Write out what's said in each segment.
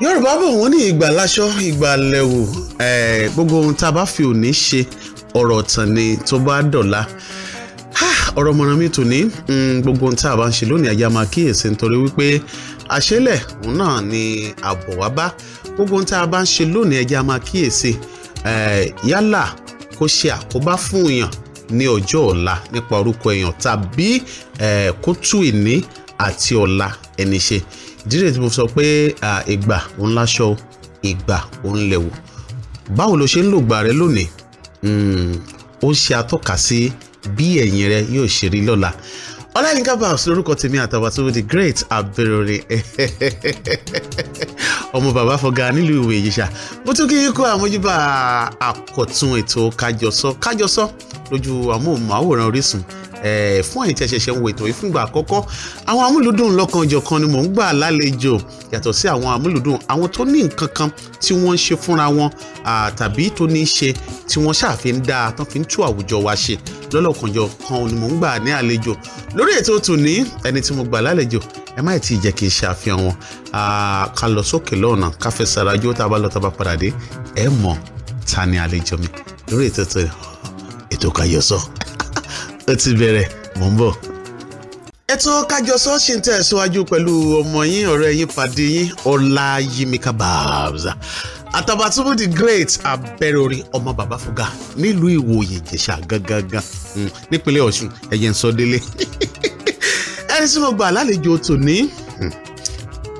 yorùbá bò wọ́n ní ìgbà láṣọ ìgbà lẹ̀wù gbogbo ohun tá a bá fi òní ṣe ọ̀rọ̀ ọ̀tàn ni tó bá dọ̀la ọ̀rọ̀ mọ̀ràn mi tòní mm, gbogbo ohun tá a bá ń ṣe lónìí ajá máa kíyèsí nítorí wípé àṣẹlẹ̀ òun náà ni àbọ̀ wá bá gbogbo ohun tá a bá ń ṣe lónìí ẹja máa kíyèsí yálà kó ṣe àkóbá fún èèyàn ní ọjọ́ ọ̀la nípa orúkọ èèyàn tàbí kó tú ìní àti ọ̀la ẹni ṣe dídè tí mo sọ pé ìgbà òun láṣọ ìgbà òun lẹ̀wò báwo lo ṣe ń lògbà rẹ lónìí hmm, ó ń ṣe atọ́ka sí bí ẹ̀yìn rẹ yóò ṣe rí lọ́la ọláyínká babs lórúkọ tèmi àtàbàtúbú the great abirori ọmọ bàbá fọgá nílùú ìwé ìyíṣà mo tún kí kó àmójúbà àkọ̀tún ètò kájọsọ kájọsọ lójú amóhùnmáwòrán orísun Eh, fún ẹ̀yin tí ẹ ṣẹ̀ṣẹ̀ ń wo ètò yìí fúngbà àkọ́kọ́ àwọn amúlùdùn lọ́kan-ò-jọ̀kan ni mò ń gbà lálejò yàtọ̀ sí àwọn amúlùdùn àwọn tó ní nǹkan kan tí wọ́n ń ṣe fúnra wọn tàbí tó ní í ṣe tí wọ́n ṣàfi ń dáa tán fi ń tú àwùjọ wa ṣe lọ́lọ́kan-ò-jọ̀kan ni mò ń gbà ní àlejò lórí ètò tòní ẹni tí mo gbà lálejò ẹ má tí jẹ́ kí n ṣàfihàn wọn ká lọ sókè lọ́nà ká fẹ́ sàràjò tá a bá lọ tá a bá padà dé ẹ mọ̀ ta ni àlejò mi lórí ètò ètò Káyọ̀sọ́ ó ti bẹ̀rẹ̀ mò ń bọ̀. ètò Kájọsọ ṣì ń tẹ̀síwájú pẹ̀lú ọmọ yín ọ̀rẹ́ yín pàdé yín Ọláyímíkà Bàbá Àtàbàtúbú the great abẹ́rẹ́ orin ọmọ bàbá Fúga nílùú Ìwòyè Ìjẹ̀ṣà gangan hmm, nípínlẹ̀ Ọ̀ṣun ẹ̀yẹ ń sọ délé ẹni tí mo gbà lálejò tòní hmm,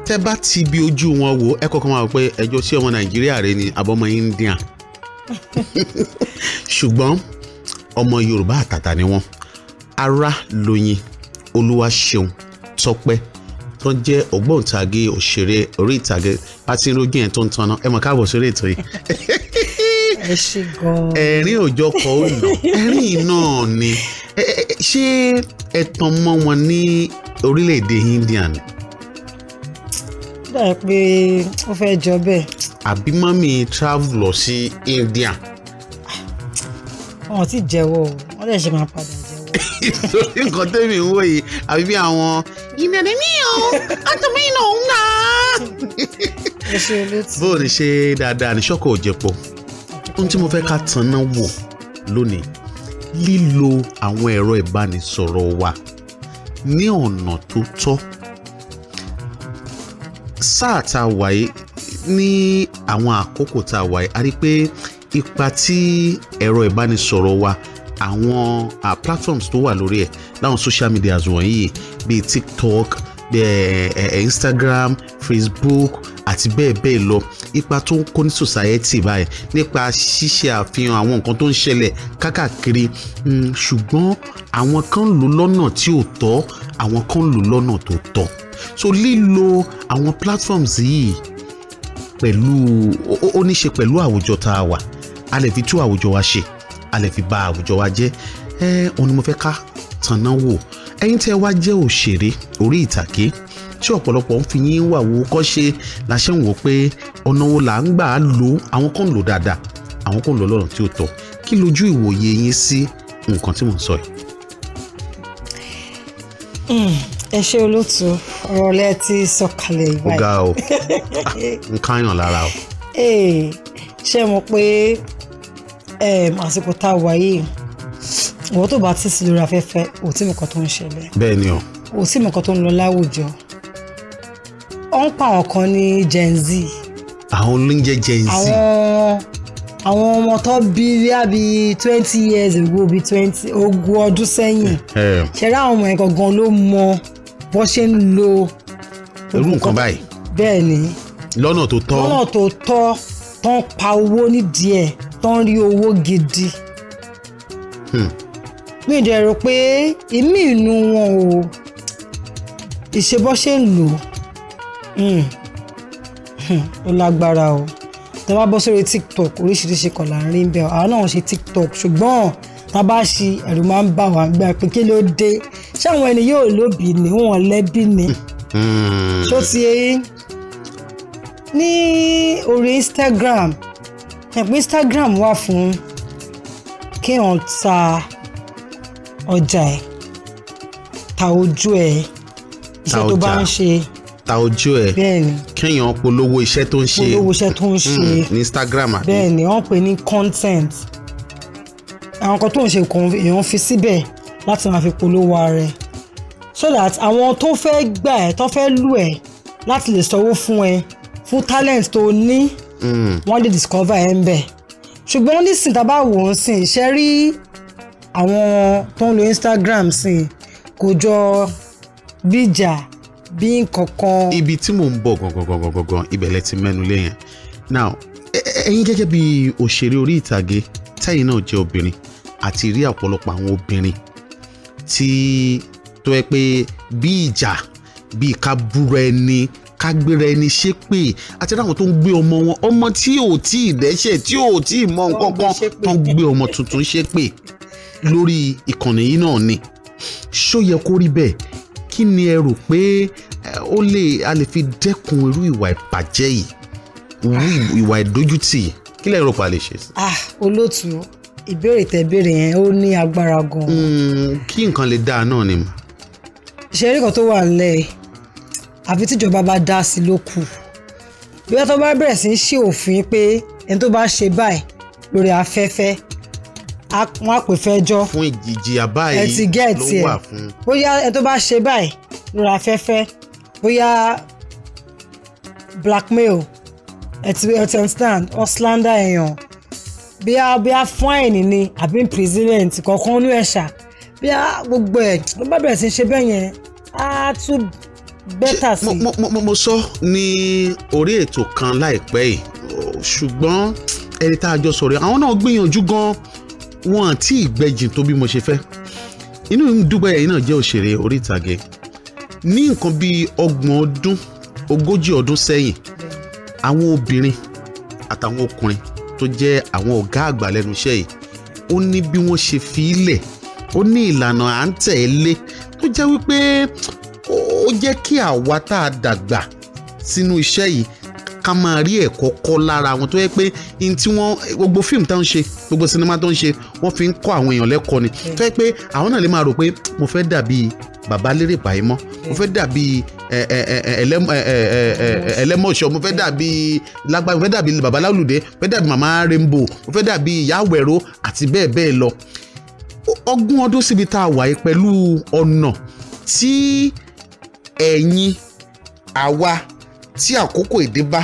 tẹ bá ti bi ojú wọn wò ẹ kọ́kọ́ máa wò pé ẹjọ́ sí ọmọ Nàìjíríà rẹ ni àbọ̀mọ India ṣùgbọ́n ọmọ Yorùbá àtàtà ni wọ́n Ara lóyin olúwaṣeun tọpẹ́ tó ń jẹ́ ògbóǹtagì òṣèré orí ìtàgé láti rojú yẹn tó ń tanná ẹ mọ̀ káàbọ̀ sórí ètò yìí. ẹ ṣe gan-an. ẹ̀rín òjọ kọ ó lọ ẹ̀rín náà ni ṣé ẹ tan mọ́ wọn ní orílẹ̀-èdè India ni. dáa pé ó fẹ́ jọ bẹ́ẹ̀. àbí mọ́mí travel lọ sí India. wọn ò tí ì jẹ́wọ́ wọn lè ṣe máa padà sórí nǹkan tẹ́mi ń wò yìí àbí bí àwọn ìnàdẹ́ mi ò àtọ̀mí iná òun náà. bó o ní ṣe dáadáa ní ṣọ́kọ̀ òjẹ̀pọ̀ ohun tí mo fẹ́ ká tàn náà wò lónìí lílo àwọn ẹ̀rọ ìbánisọ̀rọ̀ wa ní ọ̀nà tó tọ́ sáà tá a wáyé ní àwọn àkókò tá a wáyé a rí i pé ipa tí ẹ̀rọ ìbánisọ̀rọ̀ wa àwọn uh, platforms tó wà lórí ẹ̀ láwọn social media wọ̀nyí bíi tiktok bẹ́ẹ̀ instagram facebook àti bẹ́ẹ̀ bẹ́ẹ̀ lọ ipa tó ń kó ní society báyìí nípa ṣíṣe àfihàn àwọn nǹkan tó ń ṣẹlẹ̀ kákàkiri hmm, ṣùgbọ́n àwọn kan lò lọ́nà tí ò tọ́ àwọn kan lò lọ́nà tó tọ́ so lílo àwọn platforms yìí pẹ̀lú ó ní ṣe pẹ̀lú àwùjọ tá a wà a lè fi tú àwùjọ wa ṣe a lè fi bà àwùjọ wa jẹ́ ẹ òun ni mo fẹ́ ká tanná wò ẹ̀yin tẹ́ wá jẹ́ òṣèré orí ìtàgé tí ọ̀pọ̀lọpọ̀ ń fi yín wà wò kọ́ ṣe láṣẹ ń wò pé ọ̀nà wo là ń gbà á lò àwọn kan lò dáadáa àwọn kan lò lọ́rùn tí ó tọ́ kí lójú ìwòye yín sí nǹkan tí mò ń sọ yìí. Hmm, ẹ ṣe olóòtú ọ̀rọ̀ lẹ ti sọ̀kalẹ̀ ìbáyìí. ó ga o n ah, káyàn lára o. Eh, ṣé mo pé àsìkò tá a wà yìí ìwọ tó bá ti sí lórí afẹ́fẹ́ ò tí mọ̀kàn tó ń ṣẹlẹ̀ bẹ́ẹ̀ ni o ò tí mọ̀kàn tó ń lọ láwùjọ ó ń pa àwọn kan ní Gen Z àwọn olóúnjẹ Gen Z àwọn àwọn ọmọ tó bí bí twenty years ago bí twenty ogún ọdún sẹ́yìn ṣẹ̀rẹ́ àwọn ọmọ yẹn gangan ló mọ bó ṣe ń lo irú nǹkan báyìí bẹ́ẹ̀ ni lọ́nà tó tọ́ lọ́nà tó tọ́ tó ń pa owó nídìí ẹ̀ tó ń rí owó gidi. Hmm. mi dẹ̀ rò pé èmi inú wọn o ìṣebọ́ ṣe ń lò hmm. Hmm. ó lágbára o tí wọ́n bá bọ́ sórí tiktok oríṣiríṣi kan là ń rí bẹ́ẹ̀ àwọn náà ṣe tiktok ṣùgbọ́n tá a bá ṣe ẹ̀rù máa ń bà wá gbà pé kí ló dé ṣé àwọn ẹni yóò lóbi ni wọn lẹ́bi ni ṣó ti ní orí instagram ṣẹ̀pẹ́ Instagram wà fún kéèyàn ta ọjà ẹ̀ ta ojú ẹ̀ iṣẹ́ tó bá ń ṣe ta ojú ẹ̀ kéèyàn polówó iṣẹ́ tó ń ṣe polówó iṣẹ́ tó ń ṣe hmm, ní Instagram àbí bẹ́ẹ̀ ni pè ní content àwọn kan tó ń ṣe kan èèyàn fi síbẹ̀ láti máa fi polówó ara so that àwọn tó fẹ́ gbà ẹ́ tó fẹ́ lù ẹ́ láti lè sanwó fún ẹ fún talent tó ní Mm. wọ́n lè discover ẹ̀ ń bẹ̀ ṣùgbọ́n nísìn tá a bá wò ó sìn ṣe rí àwọn tó ń lo Instagram sìn kò jọ bíjà bí nkankan. ibi tí mò ń bọ̀ gangan ibẹ̀lẹ̀ ti mẹ́nu lé yẹn now ẹ̀yin gẹ́gẹ́ bí òṣèré orí ìtàgé tẹ́yìn náà jẹ́ obìnrin àti rí ọ̀pọ̀lọpọ̀ àwọn obìnrin tí tó yẹ pé bí ìjà bí ká búra ẹni ká gbéra ẹni ṣépè àti láwọn tó ń gbé ọmọ wọn ọmọ tí ò tí ì dẹ́ṣẹ̀ tí ò tí ì mọ nǹkan kan tó ń gbé ọmọ tuntun ṣépè lórí ìkànnì yìí náà ni ṣó yẹ kó rí bẹ́ẹ̀ kí ni ẹ rò pé ó lè a lè fi dẹ́kun irú ìwà ìbàjẹ́ yìí ìwà ìdójútì kí lẹ rò lè ṣe ah olóòtú ìbéèrè tẹ béèrè yẹn ó ní agbára gan-an. Hmm, kí nǹkan lè dáa náà ni. ṣe é rí kan tó wà nílẹ̀ yìí àfi tíjọba bá dá sí ló kù bí wọ́n tó bá bẹ̀rẹ̀ sí í ṣe òfin pé ẹni tó bá ṣe báyìí lórí afẹ́fẹ́ wọ́n á pè fẹ́jọ́ fún ìjìyà báyìí ló wà fún. bóyá ẹni tó bá ṣe báyìí lórí afẹ́fẹ́ bóyá blackmail ẹtì ẹtì understand or slander èèyàn bí a bí a fine ni àbí imprisonment kọ̀ọ̀kan ní ẹ̀ṣà bí a gbogbo ẹ̀ ló bá bẹ̀rẹ̀ sí í ṣe bẹ́ẹ̀ yẹn á tún bẹ́tà sí. mo mo mo sọ ní orí ètò kan láìpẹ́ yìí ṣùgbọ́n ẹni tá a jọ sọ̀rọ̀ àwọn náà gbìyànjú gan wọn àti ìgbẹ́jìn tó bí mo ṣe fẹ́ inú dúpẹ́ ẹ̀yin náà jẹ́ òṣèré orí ìtàgé ní nǹkan bíi ọgbọ̀n ọdún ogójì ọdún sẹ́yìn àwọn obìnrin àtàwọn ọkùnrin tó jẹ́ àwọn ọ̀gá àgbà lẹ́nu iṣẹ́ yìí ó ní bí wọ́n ṣe fi í lẹ̀ ó ní ìlànà à ń tẹ̀lé tó jẹ́ wípé jẹ́ kí àwa tá a dàgbà sínú iṣẹ́ yìí ká máa rí ẹ̀kọ́ kọ́ lára àwọn tó yẹ pé n tí wọ́n gbogbo fíìmù tó ń ṣe gbogbo sinimá tó ń ṣe wọ́n fi ń kọ́ àwọn èèyàn lẹ́kọ̀ọ́ ni mm. tó yẹ pé àwọn náà lè máa rò pé mo fẹ́ dàbí bàbá lérè pàì mọ́ mo mm. fẹ́ dàbí ẹlẹ́mọ̀ṣọ́ mo fẹ́ dàbí lágbára mo fẹ́ dàbí bàbá lálùdé mo fẹ́ dàbí màmá rainbow mo fẹ́ dàbí ìyá àwẹ̀rọ àti bẹ́ẹ̀ bẹ́ẹ̀ lọ ọgún ọdún síbi tá a wà yìí pẹ̀lú ọ̀nà tí ẹ̀yin àwa tí àkókò èdè bá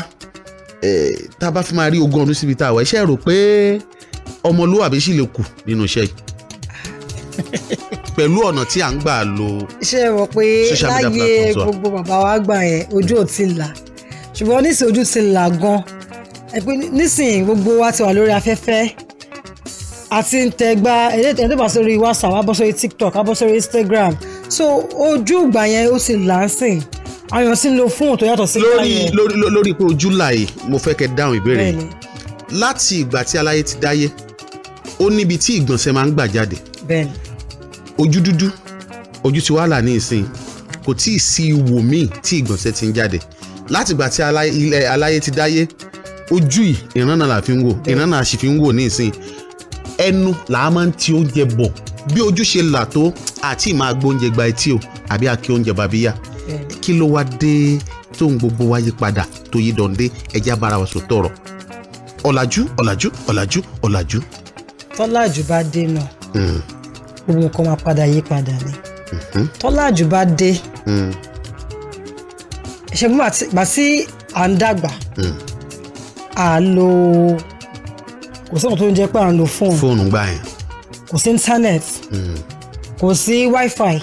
tá a bá fi máa rí ogún ọdún síbi tá a wà iṣẹ́ rò pé ọmọlúwàbí sì lè kù nínú iṣẹ́ yìí pẹ̀lú ọ̀nà tí à ń gbà lo. ṣé ẹ rò pé láyé gbogbo bàbá wa gbà yẹn ojú ò ti là ṣùgbọ́n nísìn ojú ti là gan nísìn gbogbo wa ti wà lórí afẹ́fẹ́ àti ń tẹ sórí WhatsApp a bọ́ sórí TikTok a Instagram so ojú ìgbà yẹn ó ti là ń sìn ayọ̀ sí ń lo fóònù tó yàtọ̀ sí ìgbà yẹn. lórí lórí pé ojú làyè mo fẹ́ kẹ́ dáhùn ìbéèrè yìí láti ìgbà tí aláyé ti dáyé ó níbi tí ìgbọ̀nsẹ̀ máa ń gbà jáde ojú dúdú ojú ti wá là ní ìsìn kò tí ì sí ìwò míì tí ìgbọ̀nsẹ̀ ti ń jáde láti ìgbà tí aláyé ti dáyé ojú yìí ìrànnà là fi ń wò ìrànnà àṣì ń wò ní ìsìn ẹnu làá máa ń ti oúnjẹ bọ̀ bí ojú ṣe là tó àti máa gbóúnjẹ gba etí o àbí àkí oúnjẹ bàbíyà kí ló wá dé tó ń gbogbo wa yí padà tó yí dọ̀ndé ẹja bára wa sọ tọrọ ọ̀làjú ọ̀làjú ọ̀làjú ọ̀làjú. tọ́lájú bá dé náà hmm. gbogbo nǹkan máa padà yí padà ni hmm. tọ́lájú bá dé hmm. ṣẹ́gun bá sí à ń dàgbà à lo kò sóhun tó ń pé à ń lo fóònù fóònù gbà yẹn kò sí íńtánẹ́ẹ̀tì kò sí wifi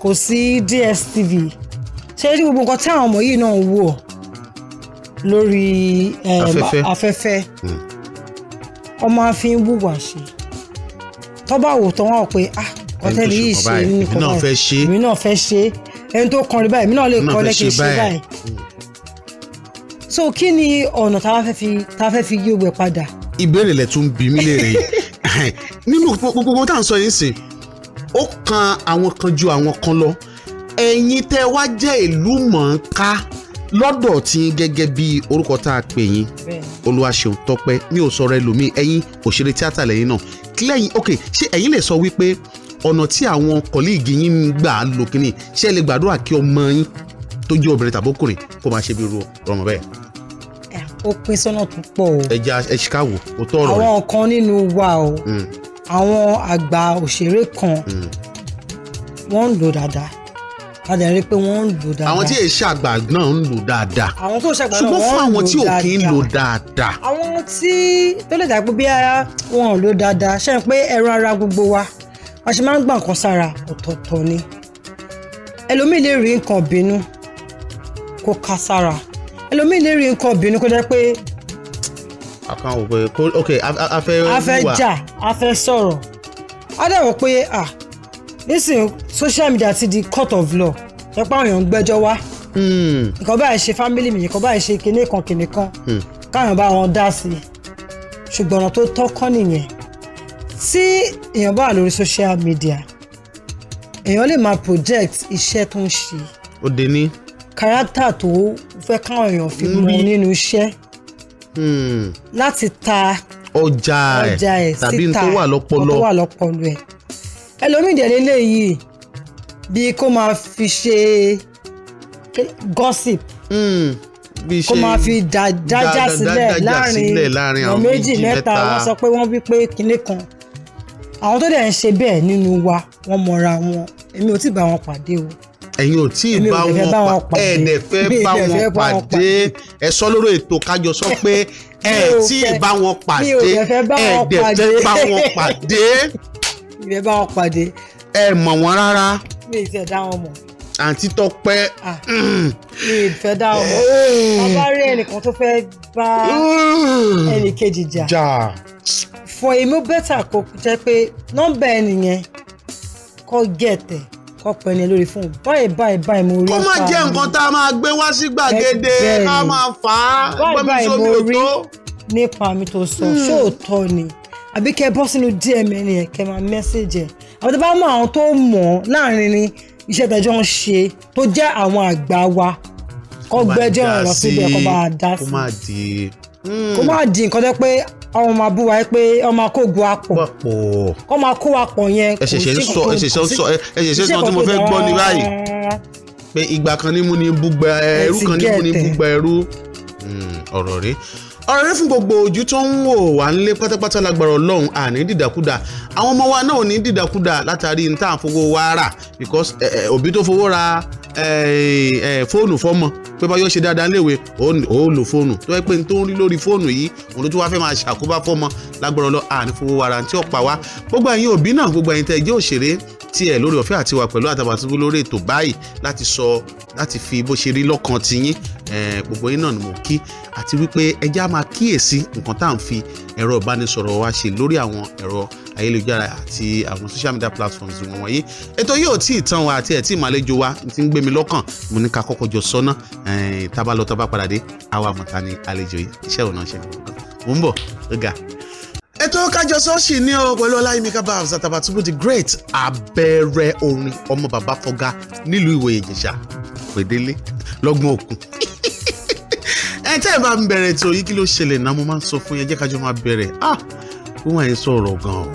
kò sí dstv ṣé ní gbogbo nǹkan tí àwọn ọmọ yìí náà ń wò lórí afẹ́fẹ́ hmm. ọmọ àfi ń wùwà ṣe tọ́ba wò tán wọ́n pé ah ọ̀tẹ́lì yìí ṣe ní kò báyìí èmi náà fẹ́ ṣe ẹni tó kọrin báyìí èmi náà lè kọ́ lẹ́kẹ̀ẹ́ ṣe báyìí so kí ni ọ̀nà tá a fẹ́ fi yí owó padà. ìbéèrè lẹ̀ tún bí mi léèrè nínú gbogbo tá à ń sọ yìí sìn ó kan àwọn kan ju àwọn kan lọ ẹ̀yin tẹ́ wá jẹ́ ìlú mọ̀ọ́ká lọ́dọ̀ tí gẹ́gẹ́ bí orúkọ tá a pè yín Olúwaṣeun Tọ́pẹ́ mi ò sọ̀rọ̀ ẹlòmíì ẹ̀yin òṣèré tíátà lẹ́yìn náà kílẹ̀yìn ok ṣé ẹ̀yin lè sọ wípé ọ̀nà tí àwọn kọ̀líìgì yín ń gbà lò kínní ṣé ẹ lè gbàdúrà kí ọmọ yín tó jẹ́ obìnrin tàbókùnrin kó máa ṣe bí irú ọmọ bẹ́ẹ̀ ó pín sọ́nà púpọ̀ o. ẹja ẹ̀ṣikáwò ó tọrọ rẹ. àwọn kan nínú wa o hmm àwọn àgbà òṣèré kan hmm. wọ́n ń lò dáadáa a dẹ̀ rí i pé wọ́n ń lò dáadáa. àwọn tí èyí ṣàgbà náà ń lò dáadáa. àwọn tó ṣàgbà náà wọ́n ń lò dáadáa. ṣùgbọ́n fún àwọn tí ò kí ń lò dáadáa. àwọn tí tó lè dàgbé bí ara wọn ò lò dáadáa ṣe é pé ẹran ara gbogbo wa a ṣe máa ń gbà nǹkan sára ọ̀tọ̀ọ̀tọ̀ ni ẹlòmíì lè rí nǹkan bínú kó ká sára ẹlòmíì lè rí nǹkan bínú kó jẹ́ pé àkàn wò pé ok a fẹ́ wà. a fẹ́ jà a fẹ́ sọ̀rọ̀ a dẹ̀wọ̀ pé ah nísìnyí social media ti di court of law ẹ pa àwọn èèyàn ń gbẹ́jọ́ wá hmm. nǹkan báyìí ṣe family mi nǹkan báyìí ṣe kinní kan kinní kan hmm. káwọn bá wọn dá sí i ṣùgbọ́n ọ̀nà tó tọ́kọ́ nìyẹn tí èèyàn bá lórí social media èèyàn lè máa project iṣẹ́ tó ń ṣe. ó dé ní. kárátà tó fẹ́ káwọn èèyàn fi mú nínú iṣẹ́. Hmm. láti ta ọjà ẹ̀ tàbí tó wà lọ́pọlọ ẹ̀ ẹlòmíì dẹ̀ lélẹ́yìí bíi kó máa fi ṣe gossip hmm. kó máa fi dájà sílẹ̀ láàrin ọ̀nà méjì mẹ́ta wọ́n sọ pé wọ́n wí pé kinní kan àwọn tó dẹ̀ ń ṣe bẹ́ẹ̀ nínú wa wọ́n mọ̀ra wọn èmi ò tí ì bá wọn pàdé o ẹ̀yin ò tí ì bá wọn pa ẹ̀ẹ́nẹ̀ fẹ́ bá wọn pàdé ẹ sọ lórí ètò kájọ sọ pé ẹ tí ì bá wọn pàdé ẹ̀ẹ́dẹ̀ fẹ́ bá wọn pàdé. ìfẹ́ bá wọn pàdé. ẹ mọ̀ mi ì fẹ́ dá ọmọ ah, mm. bàbá rí ẹnìkan tó fẹ́ bá mm. ẹnìkejì jà fún èmi bẹ́tà kó jẹ́ pé nọ́mbà ẹnìyẹn kọ́ gẹ̀tẹ̀ ọ̀pọ̀ ẹni lórí fún un báyìí báyìí báyìí mo rí ọ̀pá mi. kó má jẹ́ nǹkan tá a máa gbé wá sí gbàgede ká máa fà á gbọ́mi sómi ò tó. nípa mi tó sọ hmm. ṣóòótọ́ ni àbí kẹ bọ́ sínú dm ẹni yẹn kẹ máa mẹ́sẹ̀jì ẹ̀ àwọn tó bá mọ àwọn tó mọ̀ láàrin ni iṣẹ́ tẹjọ́ ń ṣe tó jẹ́ àwọn àgbà wa kọ́ gbẹ́jọ́ ọ̀rọ̀ síbẹ̀ kó máa dá sí kó máa hmm. di nǹkan tó pé ọmọ máa bú wa pé ọmọ kó gu apọ̀ ọmọ kó apọ̀ yẹn kò sí kò sí kò sí kò tó dán rárá pé ìgbà kan ní mú ní búgbà ẹrú kan ní mú ní búgbà ẹrú ọ̀rọ̀ rèé ọ̀rọ̀ rẹ fún gbogbo ojú tó ń wò wá nílé pátápátá lágbára ọlọ́run àní dìdàkudà àwọn ọmọ wa náà ní dìdàkudà látàrí ní tá à ń fowó wa rà because òbí tó fowó ra Eh, eh, fóònù fọ́mọ pé bá yóò ṣe dáadáa léwe ó lò fóònù tó yẹ pé n tó ń rí lórí fóònù yìí òun ló tún wáá fẹ́ máa ṣàkóbá fọ́mọ lágbọ́dọ̀ lọ àní fowó wàrà tí ó pa wá gbogbo ẹ̀yin òbí náà gbogbo ẹ̀yin tẹ́ jẹ́ òṣèré tí ẹ lórí ọ̀fẹ́ àti wà pẹ̀lú Àtàbàtúbú lórí ètò báyìí láti sọ láti fi bó ṣe rí lọ́kàn tiyín gbogbo yín náà ni mo kí àti wípé ẹjẹ́ á máa kíyèsí nǹkan tá à ń fi ẹ̀rọ ìbánisọ̀rọ̀ wa ṣe lórí àwọn ẹ̀rọ ayélujára àti àwọn social media platforms wọn wọ̀nyí ètò yóò tí ì tán wa àti ẹ̀ tí ì màlejò wa ti ń gbé mi lọ́kàn mo ní ká kọ́kọ́ jọ sọ́nà tábàlọ́tọ́ bá padà dé àwa mọ̀ta ni àlejò yìí iṣẹ́ òun náà ṣe mọ̀ ń bọ̀ ó ètò kájọsọ sì ní ọ pẹ̀lú ọláyímíkà bá àbùsàtàbàtúbù the great abẹ́rẹ́ orin ọmọ bàbá fọgá nílùú ìwòye ìjẹ̀ṣà pèdélé lọ́gbọ̀n òkun ẹ tẹ́ ẹ bá ń bẹ̀rẹ̀ tó yí kí ló ṣẹlẹ̀ náà mo máa ń sọ fún yẹn jẹ́ kájọ máa bẹ̀rẹ̀ ah wọ́n wà yẹn sọ̀rọ̀ gan-an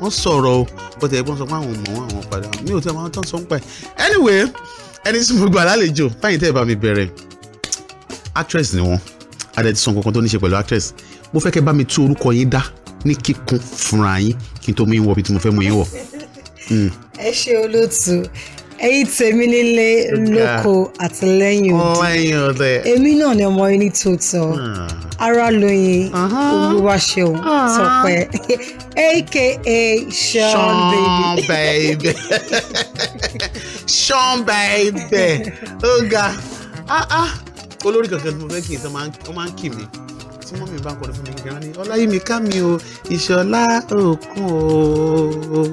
wọ́n sọ̀rọ̀ o bọ́tẹ̀ ẹ̀gbọ́n sọ pé àwọn ọmọ wọn àwọn padà mi ò tí àwọn tán sọ ń pẹ́ anyway ẹni tí mo gbà lálejò fáyìn tẹ́ ẹ bá mi bẹ̀rẹ̀ actress ni wọ́n adẹ̀ ti sọ nǹkan kan tó ní ṣe pẹ̀lú actress mo fẹ́ kẹ́ bá mi tú orúkọ yín dá ní kíkún fúnra yín kí n tó mú yín wọ bí tí mo fẹ́ mú yín wọ. Hmm. ẹ ṣe olóòtú ẹ̀yin tèmi nílé lóko àtìlẹ́yìn òde èmi náà ni ọmọ ẹni tó tọ ara lóyin olúwaṣeun ah. tọpẹ aka sean baby sean baby ó ga ah, ah. olórí kankan tí mo fẹ́ kí n sọ máa ń kì mí fún mọ́mí bá ń kọrin fún mi gan ni ọláyímíká mi o ìṣọlá òkun o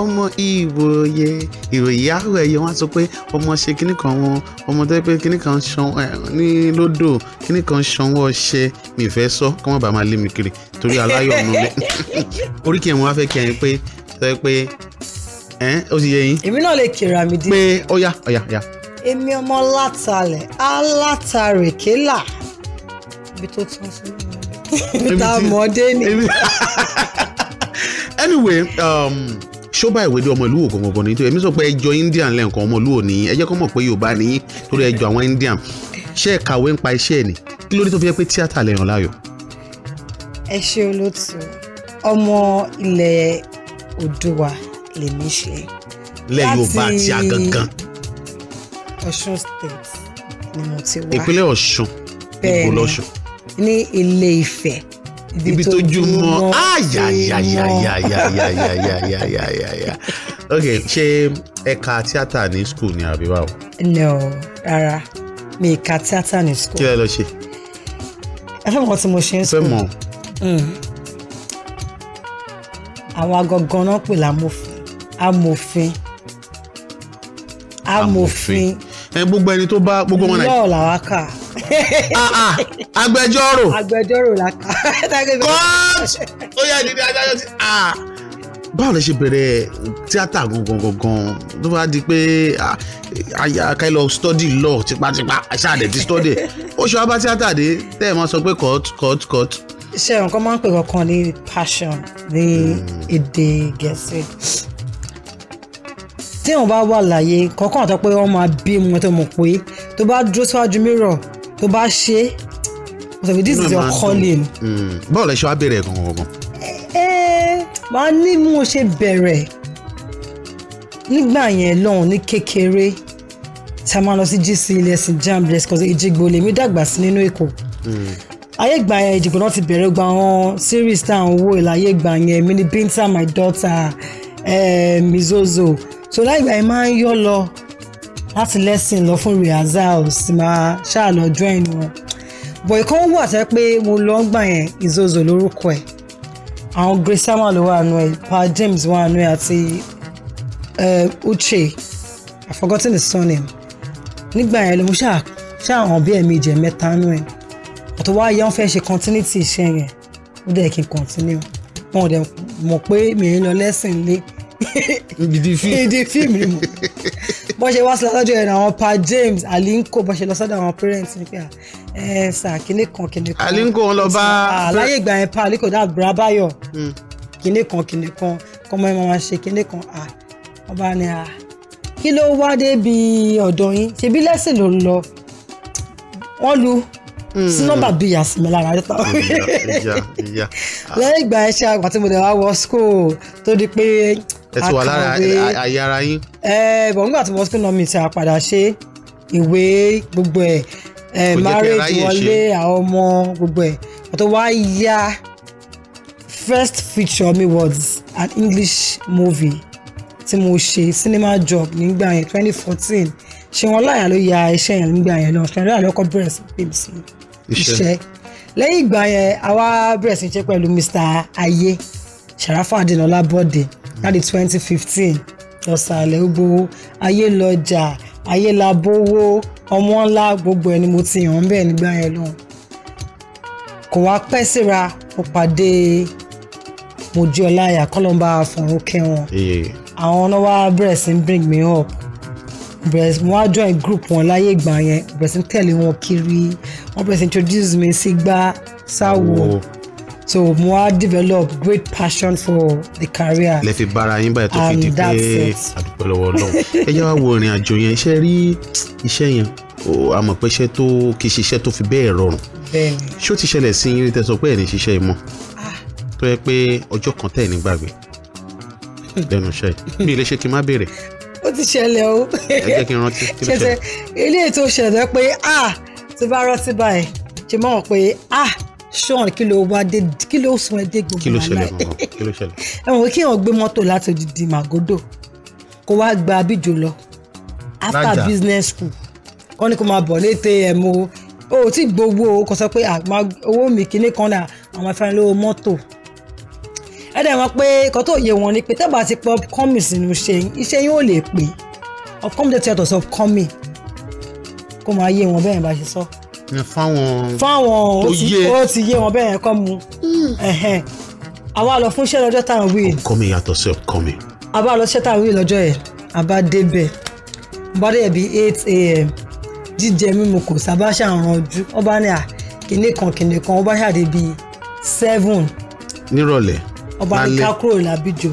ọmọ ìwòye ìròyìn yahoo ẹ̀yẹ wọn sọ pé ọmọ ṣe kíní kan wọn ọmọ tó yẹ pé kíní kan ṣan ní lódò kíní kan ṣanwó ọṣẹ mi fẹ́ sọ kí wọ́n bá máa lé mi kiri torí aláyọ̀ nulẹ̀ oríkì ẹ̀ mo wá fẹ́ kí ẹ̀yin pé sọ pé ẹ̀ ó ti yẹ yín. èmi náà lè kèrè àmì dé. pé ó yá ó yá ó yá. èmi ọmọ látàlẹ̀ alátàrèkélà ibi tó tán sí ibi tá a mọ̀ dé ni. anyway um, ṣọ́bà ìwé dé ọmọ ìlú wò gbọmọgbọ ní nítorí èmi sọ pé ẹjọ́ indian lẹ́ǹkan ọmọ ìlú òní ẹ jẹ́ kó mọ̀ pé yorùbá ní torí ẹjọ́ àwọn indian ṣé ẹ kàwé ń pa iṣẹ́ ẹ̀ ni kí ló dé tó fi jẹ́ pé tíátà lẹ yàn láàyò. ẹ ṣe olóòtú ọmọ ilẹ̀ oòdùà lèmi ṣe. ilẹ̀ yorùbá àti agangan. ọ̀ṣun state ni mo ti wá. ìpínlẹ̀ ọ̀ṣun ìbò lọ́ṣun. bẹ́ẹ̀ ni ní ilé Ifẹ̀ ibi tó jùmọ̀ ayayayayayayayayayaya ok ṣé ẹ̀ka tíátà ní school ni àbí báwo. no rárá mi ìka tíátà ní school. kí lẹ lọ ṣe. ẹ fẹ́ mọ̀ tí mo ṣe ń school. fẹ́ mọ̀. àwọn agangan náà pè lámòfin amòfin amòfin. ẹ gbogbo ẹni tó bá gbogbo wọn náà. lọ́ọ̀ làwọn Ah, ah agbẹjọ́rò agbẹjọ́rò la kà court ó yà ní adájọ́ ti ah. báwo lè ṣe bẹ̀rẹ̀ tíátà gangan tó bá di pé ah, ká lọ study law tipátipá ṣáàdẹ̀ ti study ó ṣe wá bá tíátà dé tẹ́ ẹ̀ máa sọ pé court court court. ṣé nǹkan máa ń pè kankan ní passion ní hmm. èdè gẹ̀ẹ́sì tí wọn bá wà láyé kọ̀ọ̀kan àtọ́ pé wọ́n máa bí mu tó mọ̀ pé tó bá dúró síwájú mìíràn tó bá ṣe é this is your calling. Hmm. bọ́ọ̀lù ẹ̀ṣọ́ eh, eh, á bẹ̀rẹ̀ gan-an gan. ẹ ẹ màá ní mo ṣe bẹ̀rẹ̀ nígbà yẹn lọ́hùn ní kékeré tá a máa lọ sí GC ilé ẹ̀sìn jam bless cause Ìjẹ̀gbò lèmi dàgbà sí nínú Èkó hmm. ayé ìgbà yẹn Ìjẹ̀gbò náà ti bẹ̀rẹ̀ gba àwọn series tá à ń wò láyé ìgbà yẹn mi ni Binta my daughter um, Mizozo so láì gbà yẹn máa ń yọ lọ láti lesson lọ fún rehearsals máa ṣáà lọ join wọn bọ̀ ìkan wà tẹ́ pé mo lọ ń gbà yẹn ìzòzò lórúkọ ẹ̀ àwọn Grace Sama ló wà nù ẹ̀ Pa James wà nù ẹ̀ àti Uche I forgotten the surname nígbà yẹn ló ń ṣáà ṣáà hàn bí ẹ̀mí ìjẹ̀ mẹ́ta nù ẹ̀ ọ̀tọ̀ wá yẹn fẹ́ ṣe continuity iṣẹ́ yẹn ó dẹ̀ kí n continue wọn ò dẹ̀ mọ̀ pé mi ń lọ lẹ́sìn lé ìdí fíìmù ni mo bọ́n ṣe wá sí lọ́sọ́dọ̀ ẹ̀rọ àwọn pa James Alinko bọ́n ṣe lọ́sọ́dọ̀ àwọn parents ni pé ẹ sà kíní kan kíní kan Alinko ń lọ bá aláyè ah, ìgbà yẹn pa Alinko dá àgbà báyọ̀ hmm. kíní kan kíní kan kọ́mọ ẹ̀ máa ṣe kíní kan ọba ni a kí ló wá débi ọ̀dọ̀ yín ṣebí lẹ́sìn ló ń lọ wọ́n lu hmm. sí nọ́mbà bíi yàsìmí lára rẹ lẹ́yìn ìgbà ẹ̀ àgbà tí mo dẹ̀ wá wọ school tó di pé ẹ ti wà lára àyè ara yín. ẹ bọ̀ nígbà tí wọ́n sún lọ́mì tí a padà ṣe ìwé gbogbo ẹ̀ marriage wọlé àwọn ọmọ gbogbo ẹ̀ ọ̀tọ̀ wá ya first feature me was an English movie tí mo ṣe cinema job nígbà yẹn twenty fourteen ṣé wọn láyà ló ya iṣẹ́ yẹn nígbà yẹn lọ ṣé wọn láyà ló kọ́ sí pé mi sí iṣẹ́ lẹ́yìn ìgbà yẹn àwa bẹ̀rẹ̀ sí ṣe pẹ̀lú Mr. Ayé Sharafat Adéọlá Bọ́dé láti twenty fifteen ọ̀sàlẹ̀ gbowó ayé lọ́jà ayé labówó ọmọ ńlá gbogbo ẹni mo ti hàn bẹ́ẹ̀ nígbà yẹn lọ́hùn kò wá pẹ́ síra mo pàdé Mojí Ọláìyá kọ́lọ́mbà fọ̀rún kẹwọn àwọn ọ̀nà wa bẹ̀rẹ̀ sí bring me up bẹ̀rẹ̀ mo wá join group wọn láyé ìgbà yẹn bẹ̀rẹ̀ sí tẹ̀lé wọn kiri wọ́n bẹ̀rẹ̀ sí introduce mi sí gbá sáwo. Oh so mo develop great passion for the career. lẹ fi bára yín báyìí tó fi di pé àdúgbò lọ́wọ́ Ọlọ́run ẹ jẹ́ wá wo ìrìn àjò yẹn iṣẹ́ rí iṣẹ́ yẹn a mọ̀ pé iṣẹ́ tó kì í ṣiṣẹ́ tó fi bẹ́ẹ̀ rọrùn ṣé ó ti ṣẹlẹ̀ sí yín tẹ́ sọ pé ẹ̀ ní ṣiṣẹ́ ìmọ̀ ah. tó yẹ pé ọjọ́ kan tẹ̀ ní gbàgbé lẹ́nu iṣẹ́ yìí mi ì lè ṣe kí n má béèrè. ó ti ṣẹlẹ̀ o ẹ jẹ́ kí n rántí kí ló ṣẹlẹ̀. ilé ètò ṣẹlẹ̀ pé ah ti bá rántí báyìí ṣe mọ̀ pé ah sean kí ló wá dé kí ló sún ẹ dé gbogbo àná ẹ kí ló ṣẹlẹ̀ ẹwọn kí wọn gbé mọ́tò láti odidi Màgódò kó wá gba Abíjù lọ after business school wọn ni kó máa bọ̀ létè ẹ̀ mọ́ o ò tí gbowó o kò sọ pé ah, owó mi kíní kan náà àwọn afẹ́rẹ́ lówó mọ́tò ẹ dẹ̀ wọ́n pé kò tó yẹ wọn ni pé tẹ́bà ti pọ̀ kọ́mì sínú iṣẹ́ iṣẹ́ yóò lè pè of comedy theatre of comedy kó máa yé wọn bẹ́ẹ̀ bá ṣe sọ. So fáwọn fáwọn ó ti yé wọn bẹ́ẹ̀ kọ́ mu àwa hmm. lọ fún iṣẹ́ lọ́jọ́ tá à ń wí. ọkọmi yàtọ̀ sí ọkọmi. a bá lọ iṣẹ́ tá à ń wí lọ́jọ́ yẹn a bá débẹ̀ bá dẹ̀ bí eight a.m. jíjẹ mímu kò sábà ṣàrànjú ọba ní à kìnìún kan kìnìún kan ọba ṣàdé bíi seven. nírọ̀lẹ́ ọba ní ká kúrò làbíjò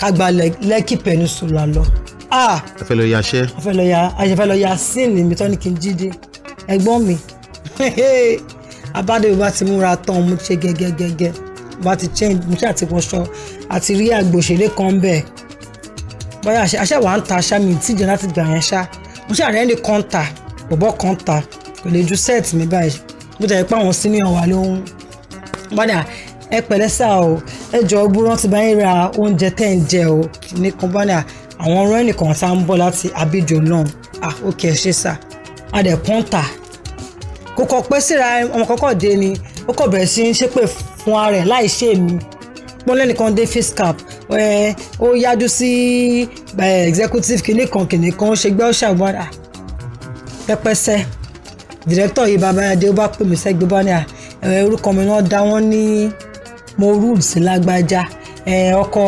ká gba lẹ́kì pẹ̀nísùlà lọ. a fẹ́ lọ ya ṣẹ́. a fẹ́ lọ ya a fẹ́ lọ ya síìnì mi tọ́ ni kí n jíde ẹ̀gbọ́n mi abádéwò bá ti múra tán mo ṣe gẹ́gẹ́gẹ́gẹ́ bá ti change mo ṣáà ti wọṣọ àti rí àgbòṣèlé kan bẹ́ẹ̀ bóyá aṣáwá ń ta aṣá mi ìtìjẹ láti gbà yẹn ṣá mo ṣáà rẹ́ ní kọ́ńtà bọ̀bọ̀ kọ́ńtà kò lè ju sẹ́ẹ̀tì mi báyìí mo jẹ́ pé àwọn senior wà ló ń bọ́dà ẹ pẹ̀lẹ́ sá o ẹ jọ gbúrán ti bá yín ra oúnjẹ tẹ́ ń jẹ o ní kan bọ́dà àwọn ọ̀rọ̀ ẹnìkan tá ń bọ̀ láti abidjan náà ah ok ẹ ṣe sá adẹ̀ kọ́ńtà kò kọ pẹ́ síra ọmọ kọ́kọ́ dé ni ó kọ̀ bẹ̀rẹ̀ sí í ṣépè fún ara rẹ̀ láì ṣe mí pọ́nlẹ́ nìkan dé face cap ó yájú sí executive kìnì kan kìnì kan ṣe gbẹ́ ṣàwárà pẹ́pẹ́sẹ́ director yìí bàbá adé ó bá pè mí sẹ́gbẹ́ bá ní à orúkọ mi náà dá wọ́n ní mo rules lágbájá ọkọ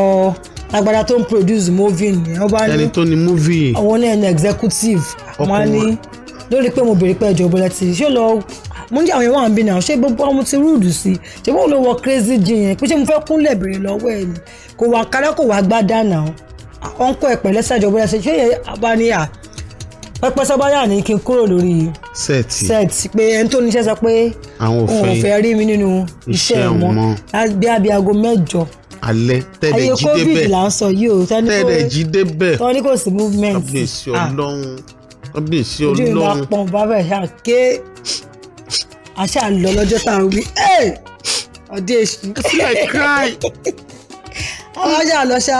lágbájá tó ń produce movie ni wọ́n bá ní ẹni tó ni movie àwọn ní ẹni executive wọ́n lórí pé mo béèrè pé ẹjọ́ bọ́lá ti ṣé lọ mo ń jẹ́ àwọn yẹn wà ń bí náà ṣé gbogbo ọmọ ti rúùdù sí ṣé bóun ló wọ crazy jean yẹn pé ṣé mo fẹ́ kúnlẹ̀ béèrè lọ́wọ́ ẹ̀ ni kò wà kárẹ́ kò wà gbá dáná ọ̀nkọ́ ẹ̀ pẹ̀lẹ́ sẹ́jọ́ bọ́lá ti ṣé yẹn bá ní à pẹpẹ sábàyà ni kí n kúrò lórí set pé ẹni tó níṣẹ́ sọ pé àwọn ò fẹ́ rí mi nínú iṣẹ́ wọn bí abẹ́ aago mẹ́jọ alẹ́ tẹ́lẹ̀ jí débẹ̀ tẹ́lẹ̀ jí débẹ̀ tọ́ ní kò sí movement kábíyèsí ọlọ́run ojú ìwà pọ̀n bàbá ẹ̀ ṣáà ké àṣà ń lọ lọ́jọ́ tá à ń wí ẹ̀ ọdẹ èṣù. sílẹ̀ cry. lọ ṣá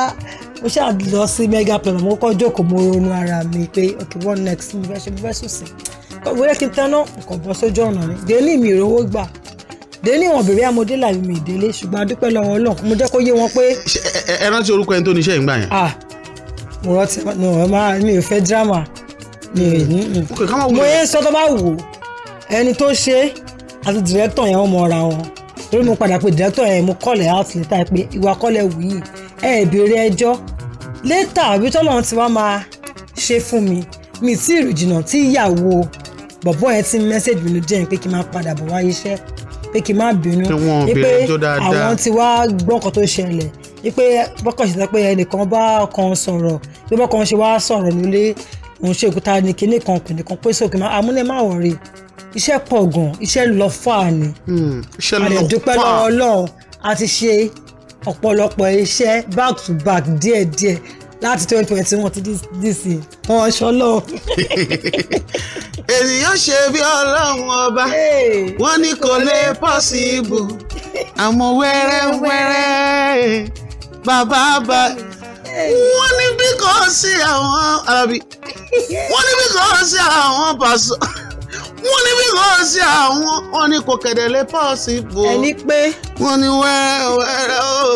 mo ṣáà lọ sí mega plan mo kọ́ jókòó mo ronú ara mi pé okay one next mo fẹ́ ṣe mo fẹ́ sùn sí kọ̀wé kí n tẹ́ná kò bọ́ sójú ọ̀nà ni délé mi ìrówó gbà délé wọn bèrè àmọdé làbí mi ìdílé ṣùgbọ́n adúpẹ́ lọ́wọ́ Ọlọ́run mo jẹ́ kó yé wọn pé. ẹ rántí orúkọ ẹni tó ní iṣẹ́ ìgbà yẹn. ah mo rántí mi ò fẹ́ drama mo yẹ sọ tó bá wù ẹni tó ṣe àti dìrẹ́tọ̀ yẹn wọ́n mọ wọn torí mo padà pé dìrẹ́tọ̀ yẹn mo kọ́lẹ̀ out later pé ìwà kọ́lẹ̀ wù yìí ẹ béèrè ẹjọ́ later àbí tọ́lọ́run ti wá máa ṣe fún mi mi tí ìrù jìnnà tí ìyàwó bọ̀bọ̀ yẹn ti mẹ́sẹ̀gì mi ló jẹ́ pé kí n máa padà bọ̀ wá iṣẹ́ pé kí n má bínú pé àwọn ti wá gbọ́ tó ṣẹlẹ̀ pé bọ́kàn ṣe sọ pé ẹnìkan bá ọkàn sọ̀rọ̀ pé bọ́kàn ṣe wá sọ̀rọ̀ nílé òun ṣe òkúta ní kinní kan kùnì kan pé sókè máa amúnẹ máa wọ̀ rí iṣẹ́ pọ̀ gan iṣẹ́ lọ fáà ni hmm, iṣẹ́ lọ fáà a a ti ṣe ọ̀pọ̀lọpọ̀ iṣẹ́ back to back díẹ̀díẹ̀ láti twenty twenty one ti dc wọn ṣọlọ. ènìyàn ṣe bí ọlọ́run ọba wọ́n ní kò lè pọ́sibù àmọ́ wẹ́rẹ́wẹ́rẹ́ bàbá bá wọ́n ní bí kò sí àwọn Àlàbí wọ́n ní bí kò sí àwọn Pàṣọ wọ́n ní bí kò sí àwọn wọ́n ní kò kẹ̀dẹ̀lé pọ́ọ̀sì bò ẹni pé wọ́n ní wẹ́rẹ́wẹ́rẹ́ o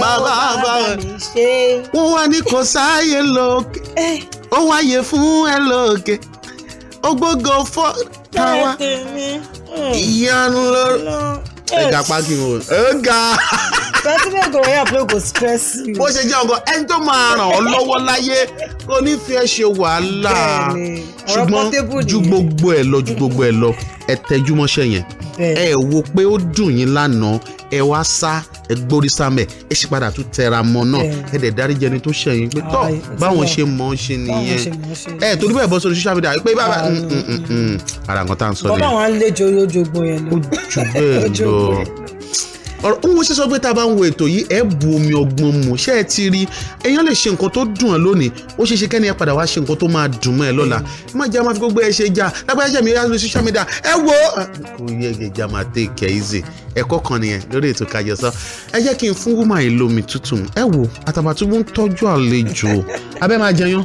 bàbá bàbá wọ́n wá ní kò sáàyè lókè ó wáyé fún ẹ lókè ogbógo fọ́ táwa hmm. ìyanu lọ́rọ̀ ẹ̀ka pákí wo ẹ̀ka sentiment rẹ̀ yà pé kò stress you. bó ṣe jẹ́ ọ̀gọ́ ẹni tó máa ràn ọ́ lọ́wọ́ láyé kò ní fi ẹ́ ṣe wàhálà ṣùgbọ́n ju gbogbo ẹ̀ lọ ju gbogbo ẹ̀ lọ ẹ tẹjú mọ́ṣẹ́ yẹn ẹ wo pé ó dùn yín lánàá ẹ wá sá ẹ gbórí sámẹ ẹ sì padà tún tẹra mọ náà ẹ dẹ̀ dáríjì ẹni tó ṣẹ̀yìn pé tọ́ báwọn ṣe mọ̀ ọ́ ṣe nìyẹn ẹ torí bẹ́ẹ̀ bọ́ sórí social media pé bàbá mm, mm, mm, ara nǹkan tá à ń sọ nìyẹn. bọ́ báwọn á lé jòjògbò yẹn lọ. ó jù bẹ́ẹ̀ lọ ọ̀rọ̀ òun ṣe sọ pé tá a bá ń wo ètò yìí ẹ bu omi ọgbọ́n mu ṣé ẹ ti rí èèyàn lè ṣe nǹkan tó dùn ẹ lónìí ó ṣeé ṣe kẹ́ni ẹ padà wá ṣe nǹkan tó máa dùn mọ́ ẹ lọ́la má jẹ́ máa fi gbogbo ẹ ṣe já lápá ẹ̀ṣẹ̀ mi yá lórí social media ẹ wo. kò yẹ gẹ̀gà máa tẹ̀ kẹ́ easy ẹ̀kọ́ kan nìyẹn lórí ètò Kájọsọ ẹ jẹ́ kí n fún wúmà ìlómi tuntun ẹ wo Àtàbàtúbú ń tọ́jú àlejò abẹ́ máa jẹyàn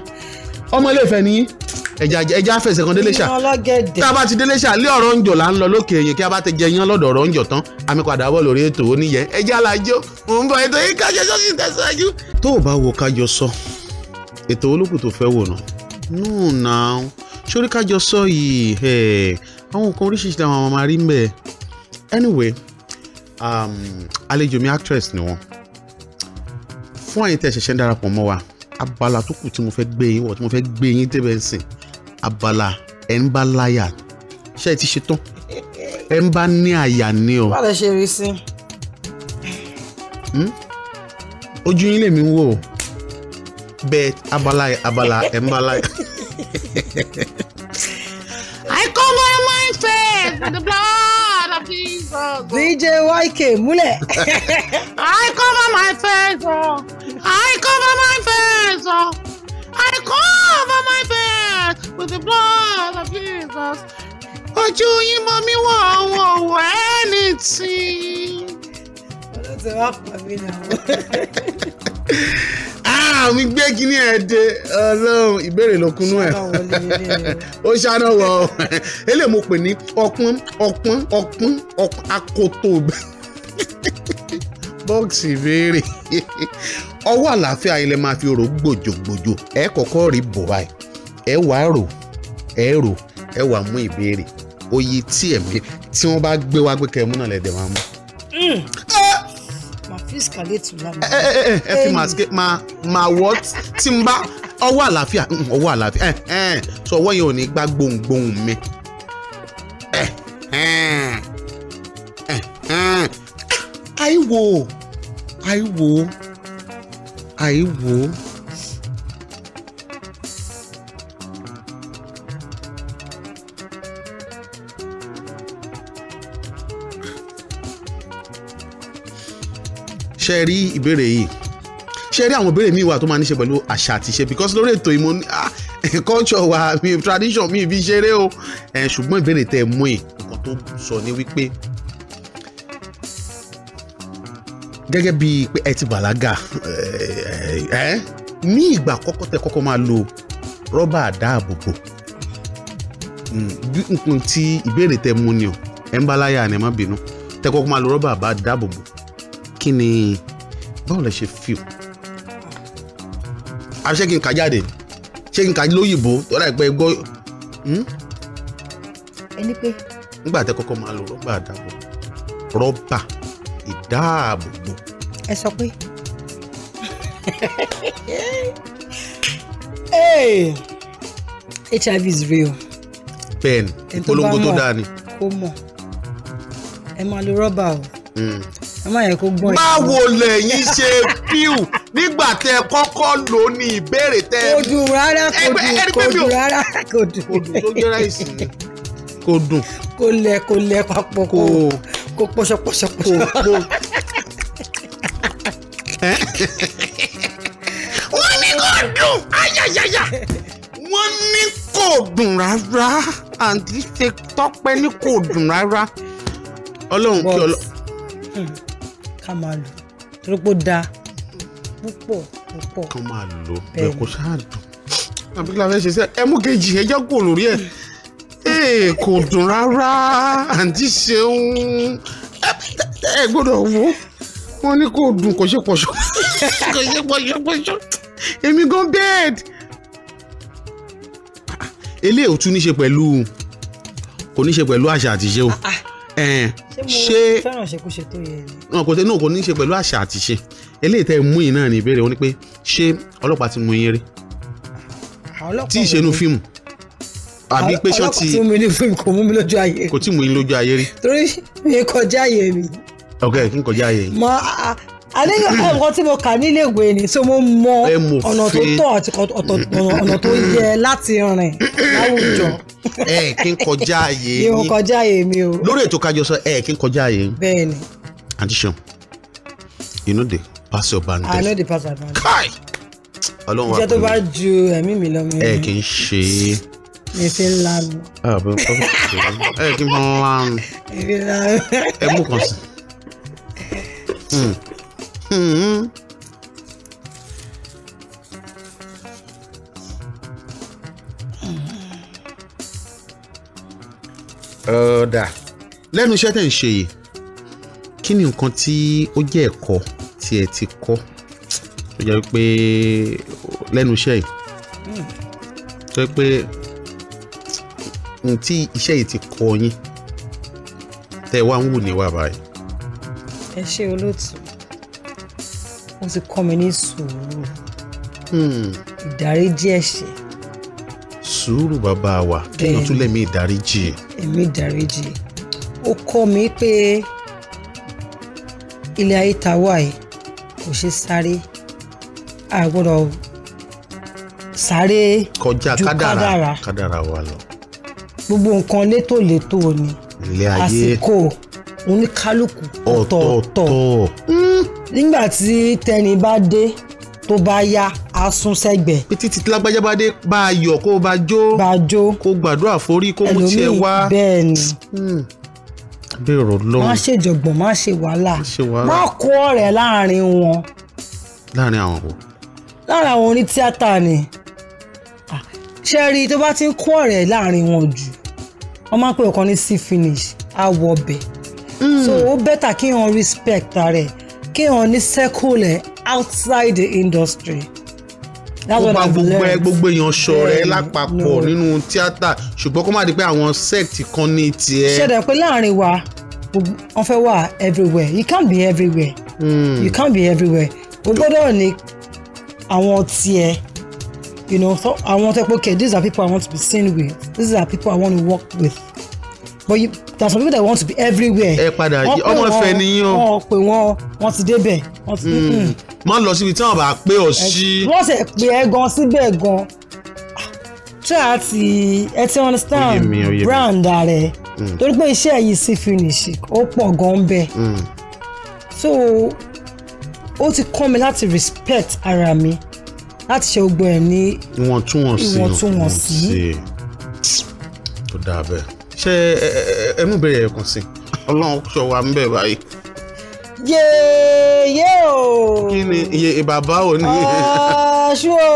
ọmọ Ilé-Ifẹ̀ ni ẹja ẹja fẹsẹ̀ kan Déléṣà tá a bá ti Déléṣà lé ọ̀rọ̀ ń jọ là ń lọ lókè èyàn kí a bá ti jẹ yán lọ́dọ̀ ọ̀rọ̀ ń jọ tán àmì padà wọ̀ lórí ètò oníyẹn ẹja alájọ mò ń bọ̀ ètò yìí Kájọ Sọ sì tẹ̀síwájú. tó o bá wo Kájọ Sọ ètò olókù tó fẹ́ wò náà nù náà sórí Kájọ Sọ yìí àwọn nǹkan oríṣiríṣi làwọn ọmọ máa rí mbẹ anyway um, àlejò mi actress ni wọn fún àyíntẹ́ ṣẹ̀ṣẹ̀ ń darapọ̀ mọ́ wa abala tó kù tí mo fẹ́ gbé yín wọ̀ tí mo fẹ́ gbé yín débẹ̀ ń abala ẹ̀ ń bá láyà ṣé ẹ ti ṣe tán ẹ̀ ń bá ní àyà ni o. bá lè ṣe rí sí. Hmm? ojú yín lèmi ń wò ó bẹ́ẹ̀ abala abala ẹ̀ ń bá láyà. I come my face the blood DJ YK múlẹ̀. I come on my face. Oh. Jesus. I cover my face with the blood of Jesus. but you, you mi wọ̀ want, wọ̀ ẹni tí. Ah, mi gbé kíní ẹ̀ dé ọlọ́run ìbéèrè ló kúnú ẹ̀. Ó ṣáná wọ ọ. Eléyìí mo pè ní ọpọ́n ọpọ́n ọpọ́n akoto bọ́ọ̀sì béèrè ọwọ́ àlàáfíà ilẹ̀ máa fi rò gbòjògbòjò ẹ kọ́kọ́ rí bùbá ẹ wàá rò ẹ rò ẹ wàá mú ìbéèrè oye tí ẹ̀mí tí wọ́n bá gbé wá gbé kẹ́mú náà lẹ́dẹ̀ máa mú. Hmm. Ah! ẹ fi máa ṣe máa wọ́ tí n bá ọwọ́ àlàáfíà ọwọ́ àlàáfíà ẹ ẹ sọ ọwọ́ yẹn ò ní gbá gbohùngbohùn mi. wò àìwò àìwò. ṣe rí ìbéèrè yìí ṣe rí àwọn ìbéèrè míì wà tó máa ní ṣe pẹ̀lú àṣà àti ìṣe because lórí ètò ìmọ̀ ah, culture wa mi tradition mi fi ṣeré o ṣùgbọ́n ìbéèrè tẹ̀ mú ẹ̀ nǹkan tó sọ ni wípé gẹ́gẹ́ bíi pé ẹ ti bàlágà ẹ ní ìgbà kọ́kọ́ tẹ kọ́kọ́ máa lo rọ́bà dáàbòbò hmm, nǹkan tí ìbéèrè tẹ mú ni o ẹ ń bá láyà ni tẹ kọ́kọ́ máa lo rọ́bà bá dáàbòbò kí ni báwo lẹ ṣe fi o àbí ṣé ìdáàbòbò. ẹ sọ pé. hiv is real. bẹ́ẹ̀ni ìpolongo tó dáa ni. kó mọ̀ ẹ máa lo rọ́bà o hmm. ẹ má yẹ kó gbọ́n ìlú. báwo lẹ́yìn ṣe fíù nígbà tẹ kọ́kọ́ lò ní ìbéèrè tẹ. kò dùn rárá kò dùn kò dùn rárá kò dùn. kò dùn tó jẹ́ ráìsì ni. kò dùn. kò lẹ̀ kò lẹ̀ papọ̀ kò kó pọ́ṣọpọ́ṣọ pòpò. wọ́n ní kò dùn ayayaya wọ́n ní kò dùn rárá àǹtí ṣe tọ́pẹ́ ní kò dùn rárá ọlọ́run kí ọlọ́. Hmm, ká máa lò torí pé ó dáa púpọ̀ púpọ̀. ká máa lò bẹ́ẹ̀ kó ṣáà dùn àbíkí la fẹ́ ṣe sẹ́ ẹ mú kejì ẹ jẹ́ kó lórí ẹ̀ ee eh, kò dùn rárá àǹtí ṣeun ẹ gbọ́dọ̀ wo wọn ní kò dùn kò ṣe pọ̀ṣọ́ kò ṣe pọ̀ṣọ́ pọ̀ṣọ́ èmi gan bed eléyìí ò ní ṣe pẹ̀lú kò ní ṣe pẹ̀lú àṣà àti ṣe o ah, ah. ṣé fẹ́ràn ṣekúṣe tó yẹ kò tẹ náà kò ní ṣe pẹ̀lú àṣà àti ṣe eléyìí mú yìí náà ní ìbéèrè wọn ni pé ṣé ọlọ́pàá ti mú yín rí tí ìṣẹ́nu fíìmù àbí pé ṣọ́ ti alákòóso mi ní fún mi kò mú mi lójú ayé rí. kò tí mú mi lójú ayé rí. torí mi kọjá ayé mi. ok n kọjá ayé yìí. mo àléyìn ẹ̀kọ́ tí mo kà nílé ìwé ni so mo mọ ọ̀nà tó tọ́ àti ọ̀nà tó yẹ láti rìn láwùjọ. ẹ kí n kọjá ayé mi. mi ò kọjá ayé mi o. lórí ètò Kájọsọ ẹ kí n kọjá ayé mi. bẹ́ẹ̀ni. àti seun you know the pass your band. i know the pass your band. kai ọlọ́run àpò mi. iṣẹ́ tó bá ju ẹ̀mí mi lọ. ẹ kì í ṣe é èsì ńlá mi. ẹ kí n fọ ńlá mi. èsì ńlá mi. ẹ mú kan sí. Hmm. Hmm. da. lẹ́nu iṣẹ́ tẹ̀ ń ṣe yìí kí ni nǹkan tí ó jẹ́ ẹ̀kọ́ tí ẹ ti kọ́ tó jẹ́ pé lẹ́nu iṣẹ́ yìí n tí iṣẹ́ yìí ti kọ yín tẹ́ ẹ wá ń wù ní wà báyìí. ẹ ṣe olóòtú wọn ti kọ́ mi ní sùúrù hmm. ìdáríjì ẹ̀ṣẹ̀. sùúrù bàbá wa kí o tún lẹ́mí ìdáríjì. ẹ̀mí ìdáríjì ó kọ́ mi pé ilé ayé ta wà yìí kò ṣe sáré a sáré ju kádàrà wa lọ gbogbo nǹkan leto ni asiko, oníkálukú ọ̀tọ̀ọ̀tọ̀ hmm. nígbà tí tẹni bá dé tó bá yá a sún sẹ́gbẹ̀. pété títí lágbájá bá dé bá a yọ̀ kó o bá jó bá a jó kó o gbàdúrà forí kó mú tiẹ̀ wá ẹlòmíì bẹ́ẹ̀ ni hmm. bẹ́ẹ̀rọ lọ́rùn. má ṣe jọ̀gbọ̀n má ṣe wàhálà má kó ọ̀rẹ́ láàrin wọn. láàrin àwọn wo. láàrin àwọn oní ni ah, ṣe rí i tó bá ti ń kó ọ̀rẹ́ láàrin wọn jù wọ́n máa ń pèrò kan ní see finish á wọ ọbẹ̀ mm. so ó bẹ́tà kí wọ́n respect rẹ̀ kí wọ́n ní circle ẹ̀ outside the industry ó bá gbogbo ẹ gbogbo èèyàn ṣọ̀rẹ́ lápapọ̀ nínú tíátà ṣùgbọ́n kó má di pé àwọn sect kan ní tiẹ̀. ṣẹ̀dá pé láàrin wa wọ́n fẹ́ wà everywhere you can't be everywhere mm. you can't be everywhere o gbọ́dọ̀ ní àwọn tiẹ̀ you know so i want to okay these are people i want to be seen with these are people i want to work with but you there some people that want to be everywhere. ẹ padà ọmọ ìfẹ́ nìyí o. wọn pè wọn wọn ti débẹ̀ wọn ti. Hmm. Hmm. má lọ síbi tí wọn bá pé ọ sí. wọn sì pè ẹ gan síbẹ̀ gan try àti ẹ ti understand brand rẹ hmm. torí pé iṣẹ́ yìí sí finish ó pọ̀ gan bẹ́ẹ̀ so ó ti kọ́ mi láti respect ara mi. Mm láti ṣe gbogbo ẹ̀ ní ìwọ̀ntúnwọ̀nsí ìwọ̀ntúnwọ̀nsí tó dáa bẹ́ẹ̀ ṣé ẹnu bẹ̀rẹ̀ ẹ̀kan sí ọlọ́run sọ wa ń bẹ̀ báyìí. yéèyé o. kí ni iye bàbá ò ní. ọṣù o.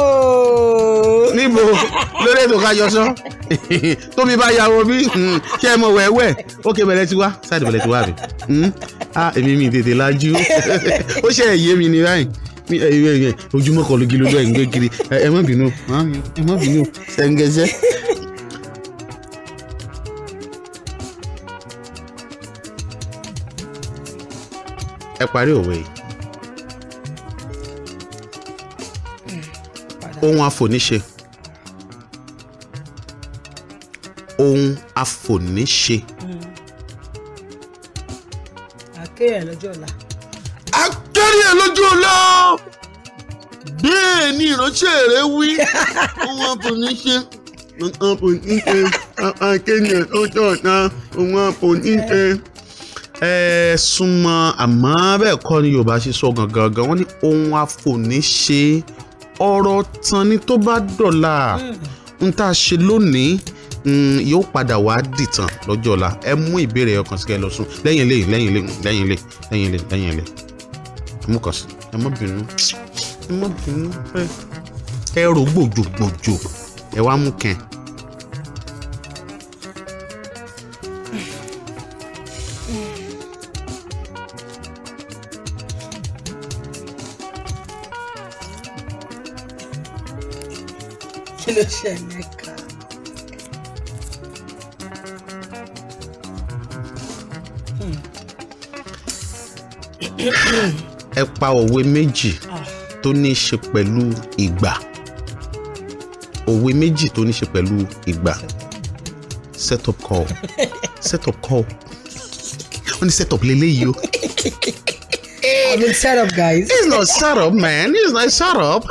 níbo lórí ètò kájọ sọ tómi bá yàwó bí hmm, ṣé ẹ mọ wẹ́wẹ́ ókè bẹ̀rẹ̀ tiwa sáà bẹ̀rẹ̀ tiwa rẹ̀ hmm. ah èmi mi tètè lajú ó ṣe ẹ̀yẹ mi ni báyìí ojúmọ́ kan lógi lójú ẹ̀ ń gbé kiri ẹ má bínú ẹ má bínú ṣẹ́ńgẹ́sẹ́. ẹ parí òwe ohun àfòníṣe ohun àfòníṣe. Hmm. àkéyàn lọ́jọ́ ọ̀la jù lọ bẹ́ẹ̀ ni ìránṣẹ́ rẹ wí wọn kò ní ṣe wọn kò ní ṣe akéèyàn tó jọ̀ọ̀ta wọn kò ní ṣe ẹ súnmọ́ àmọ́ bẹ́ẹ̀ kọ́ ni yorùbá ṣe sọ gangan gan wọ́n ní ohun àfòníṣe ọ̀rọ̀ tán ni tó bá dọ̀la hmm. n tá a ṣe lónìí yóò padà wá dìtàn lọ́jọ́ ọ̀la ẹ mú ìbéèrè ọkàn sí kẹ́ lọ sùn lẹ́yìn lè lẹ́yìn lè lẹ́yìn lè lẹ́yìn lè lẹ́yìn lè mo kàn sí ẹ má bínú ẹ má bínú ẹ rò gbòjògbòjò ẹ wá mú kẹ. kí ló ṣẹlẹ̀ ẹ pa òwe méjì ah. tó ní í ṣe pẹ̀lú ìgbà òwe méjì tó ní í ṣe pẹ̀lú ìgbà set up call set up call wọ́n ní set up leléyìí o. I mean set up guys. He's not set up man He's not set up.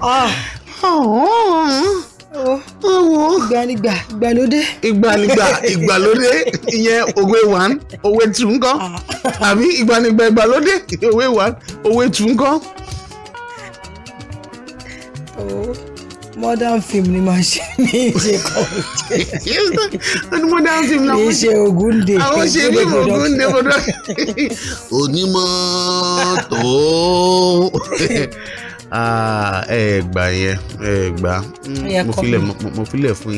Ah. oh. Oh ìgbànigbà ìgbàlódé. ìgbànigbà ìgbàlódé ìyẹn òwe one òwe two ńkọ́ ah. àbí ìgbànigbà ìgbàlódé òwe one òwe two ńkọ́. Oh, modern film ni màá ṣe ní ìṣe kọ́ọ̀tì. modern film náà ní ìṣe Ògúndé. àwọn ṣe ní Ògúndé bọ́dọ̀. onímọ̀ tó. Ah, ẹ gbà yẹn ẹ gbà mo filẹ̀ fún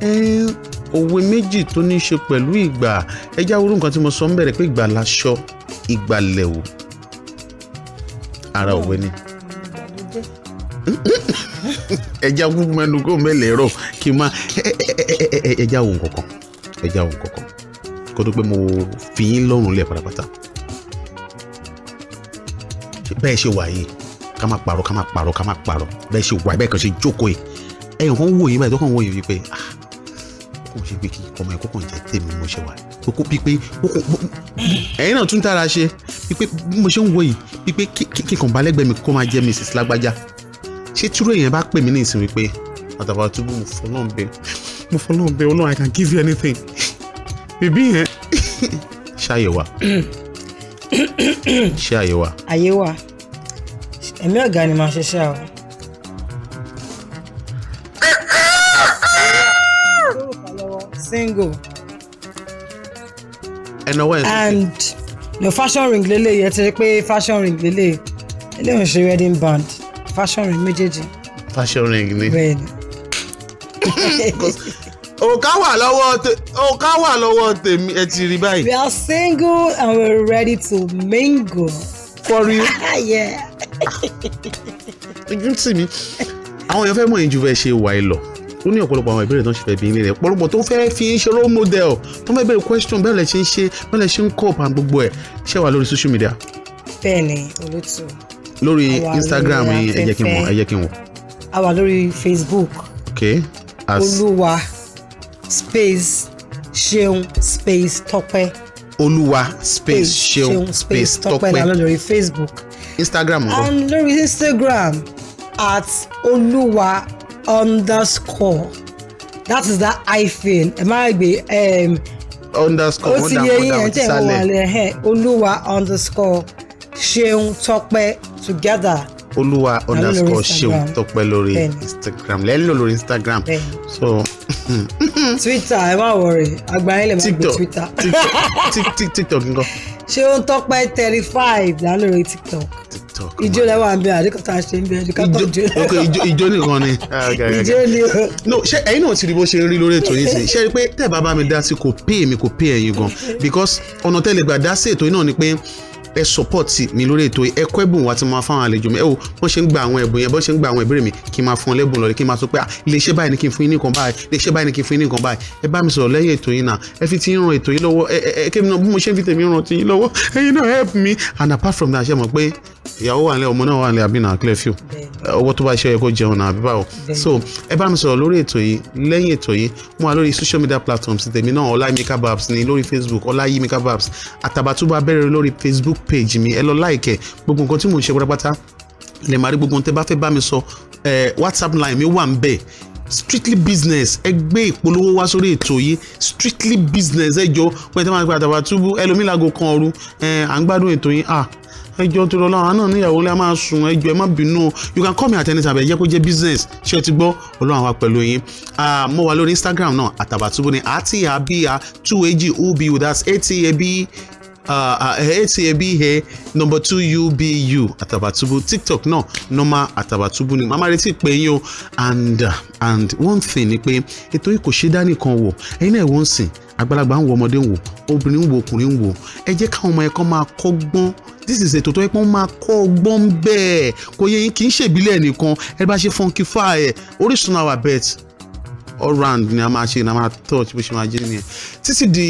yín òwe méjì tó ní í ṣe pẹ̀lú ìgbà ẹja orú nǹkan tí mo sọ ń bẹ̀rẹ̀ pé ìgbà laṣọ ìgbà lẹ̀wò ara òwe ni ẹja kúkú mẹnu kó mẹlẹ rọ kí n má ẹja òun kankan ẹja òun kankan kó tó pé mo fi yín lọ́rùn lẹ̀ pátápátá bẹ́ẹ̀ ṣe wà yìí ká má parọ́ ká má parọ́ ká má parọ́ bẹ́ẹ̀ ṣe wà bẹ́ẹ̀ kàn ṣe jókòó yìí ẹ̀yìn kan wò yín báyìí tó kàn wò yín wípé ah kò ṣe pé kí ọmọ ẹ̀kọ́ kàn jẹ́ tèmi mo ṣe wà kókó pípé ẹ̀yìn náà tún tára ṣe pípé bí mo ṣe ń wò yìí pípé kíkan balẹ̀gbẹ́ mi kó máa jẹ́ Mrs. Lágbájá ṣé túrú èèyàn bá pè mí ní ìsìn wípé àtàwọn àtúbù mo fọlọ́n bẹ mo fọlọ́n bẹ ọlọ́run I can give you anything bèbí yẹn ṣàyẹ̀wà ṣàyẹ̀wà àyẹ̀wà èmi ọ̀gá ni màá ṣiṣẹ́ o. single. ẹnáwó ẹ̀ and your fashion ring lele. yẹ ti rí pé fashion ring lele. lélẹ̀ ń ṣe wedding band fashion ring méjèèjì. fashion ring ni. bẹ́ẹ̀ni. òkà wà lọ́wọ́ òkà wà lọ́wọ́ tèmi ẹ ti rí báyìí. we are single and we are ready to mingle. for real. yeah ojú tì mí àwọn èèyàn fẹ́ mọ̀ ìjú bẹ́ẹ̀ ṣe wà ẹ lọ ó ní ọ̀pọ̀lọpọ̀ àwọn ìbéèrè tó ń ṣe fẹ́ bí ilé rẹ̀ pọ̀lọpọ̀ tó fẹ́ fi ń ṣe role model tó fẹ́ béèrè question bẹ́ẹ̀ lẹ ṣe ń ṣe bẹ́ẹ̀ lẹ ṣe ń kọ́ ọ̀pá gbogbo ẹ̀ ṣé wà lórí social media. bẹ́ẹ̀ni olótú. lórí instagram ẹ jẹ́ kí n wò ẹ a wà lórí facebook. ok as olúwa space ṣeun space tọpẹ. olúwa space ṣeun space tọpẹ. space ṣeun space tọpẹ facebook. Instagram ńkọ́. and lórí Instagram at Oluwa underscore that is that hyphen ẹ má gbé underscore ó ti yẹ yín ẹ̀ ń tẹ̀ wọ́n wà lẹ́hẹ̀ underscore ṣeun tọpẹ́ together olúwa underscore ṣeun tọpẹ lórí instagram lẹ́yìn lò lórí instagram so. twitter ẹ má wọrí àgbáyé lè má gbé twitter. tiktok tiktok nǹkan ṣé ó ń tọ́pẹ́ thirty five lálórí tiktok ìjó lẹ́wọ̀ àbí àríkọ́tà ṣe ń bẹ ẹ̀dùkátọ̀ jó. ok ìjó nìkan ni. ìjó ah, ni o. no ṣé ẹ̀yin náà ti rí bó ṣe ń rí lórí ètò yìí sí ṣé rí pé tẹ́ bá bá mi dá sí kò pé èmi kò pé ẹ̀yin gan because ọ̀nà tẹ́lẹ̀ gbà dá sí ètò yìí náà ni pé ẹ support mi lórí ètò ẹ kọ ẹ̀bùn wa tí mo máa fáwọn àlejò mi ẹ wo bọ́n ṣe ń gba àwọn ẹ̀bùn yẹn bọ́n ṣe ń gba àwọn ìbéèrè mi kí n máa fún ọ lẹ́bùn lọ́rí kí n máa sọ pé ah, iléeṣẹ́ báyìí ni kí n fún yín nìkan báyìí iléeṣẹ́ báyìí ni kí n fún yín nìkan báyìí ẹ bá mi sọ̀rọ̀ lẹ́yìn ètò yín náà ẹ fi ti ń ran ètò yín lọ́wọ́ ẹ ẹ kébì bí mo ṣe ń fi tèmi ran ti yín lọ́wọ́ ẹ̀yin náà help me and apart from that ṣe mọ̀ pé ìyàwó wà nílẹ̀ ọmọ náà wà nílẹ̀ àbí náà clear few owó tó bá ṣe yẹ kó jẹun náà àbí báwo so ẹ bá mi sọ̀rọ̀ lórí ètò yìí lẹ́yìn ètò yìí mo wà lórí social media platforms tèmi náà ọláyímíkà babs ni lórí facebook ọláyímíkà babs àtàbàtúbà bẹ̀rẹ̀ lórí facebook page mi ẹ lọ like ẹ gbogbo nǹkan tí mò ń ṣe pátápátá lè má rí gbogbo nǹkan tẹ́ bá fẹ́ bá mi sọ whatsapp line mi wà ń bẹ̀ strictly business ẹ gbé ìpolówó wá sórí ètò yìí strictly business ẹ jọ pé tí wọn máa ń pè àtàbàtúbù ẹlòmílágo kan ọrú ẹ à ń gbádùn ètò yìí ah ẹjọ́ tó lọ lọ́wọ́ náà níyàwó lẹ́yìn máa sùn ẹjọ́ ẹ má bínú you can call me at any time ẹ jẹ́ kó jẹ́ business ṣé ẹ ti gbọ́ ọlọ́run àwa pẹ̀lú yín mo wà lórí Instagram náà àtàbàtúbú ni àti àbíyá two ag ub that's atab atab he number two ubu àtàbàtúbú TikTok náà normal àtàbàtúbú ni màmá retí pé yín o and and one thing ni pé ètò yìí kò ṣe dánìkan wò ẹ̀yin náà ẹ̀ wọ́n sìn àgbàlagbà ń wo ọmọdé ń wò obìnrin ń wo ọkùnrin ń wò ẹ jẹ́ káwọn ọmọ ẹ̀kọ́ máa kọ́gbọ́n this is ètò tó yẹ pé máa kọ́ ọgbọ́n bẹ́ẹ̀ kò yẹ kí n ṣèbílẹ̀ nìkan ẹ bá ṣe funky fire Orísun our bet all round ni a máa ṣe ni a máa touch bó ṣe máa jẹ́ nìyẹn títí di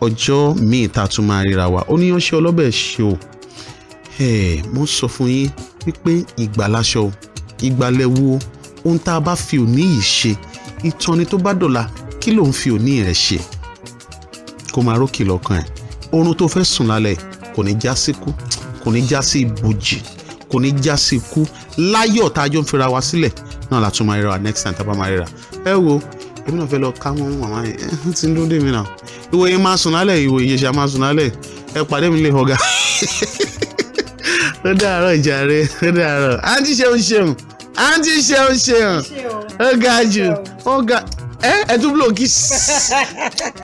ọjọ́ míì tá a tún máa ríra wa oníyanṣẹ́ ọlọ́bẹ̀ ṣe o mo sọ fún yín wípé ìgbàlaṣọ ìgbàlẹ̀wò ohun tá a bá fi òní yìí ṣe ìtọ́ni tó bá dọ̀la kí ló ń fi òní ẹ̀ ṣe kó máa rókì lọ́kàn ẹ̀ oorun tó fẹ́ sùn lálẹ́ kò ní já sí kú kò ní já sí ibùjì kò ní já sí ikú láyọ̀ tá a jọ ń fira wa sílẹ̀ náà la tún máa ríra next time tá a bá máa ríra ẹ wo èmi náà fẹ́ lọ ká mọ́ màmá yẹn ti ń dún dé mi náà ìwọ yẹn máa sùn lálẹ́ ìwọ yẹn ṣá máa sùn lálẹ́ ẹ pàdé mi lè ọ̀gá ó dàárọ̀ ìjàre ó dàárọ̀ àǹtí ṣeun ṣeun àǹtí ṣeun ṣeun ó ga jù ó ga ẹ ẹ tún blóòkì.